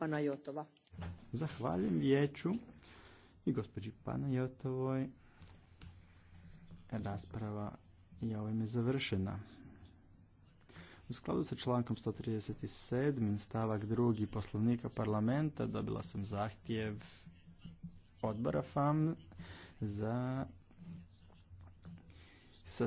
Panajotova. Zahvaljujem vijeću i gospođi Panajotovoj. Rasprava je ovime završena. U skladu sa člankom 137. stavak 2. poslovnika parlamenta dobila sam zahtjev odbora FAM za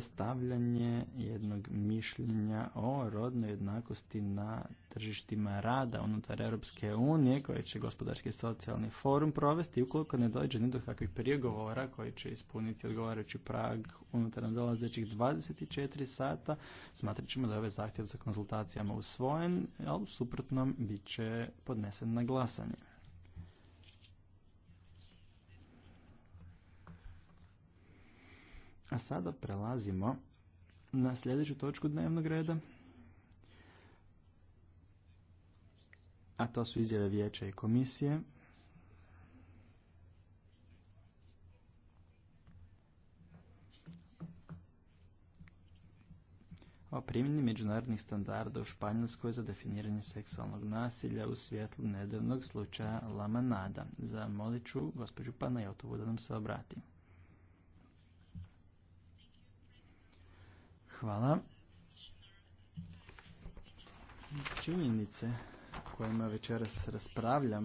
sastavljanje jednog mišljenja o rodnoj jednakosti na tržištima rada unutar Europske unije koje će gospodarski socijalni forum provesti ukoliko ne dođe ni do kakvih prijegovora koji će ispuniti odgovarajući prag unutar nadolazećih 24 sata, smatrat ćemo da je ovaj zahtjev za konzultacijama usvojen, a u suprotnom bit će podnesen na glasanje. A sada prelazimo na sljedeću točku dnevnog reda. A to su izjave vijeća i komisije. o primjeni međunarodnih standarda u Španjolskoj za definiranje seksualnog nasilja u svjetlu nedavnog slučaja Lamanada. Zamolit ću gospođu Jotovu da nam se obrati. Hvala. Činjenice kojima večeras raspravljamo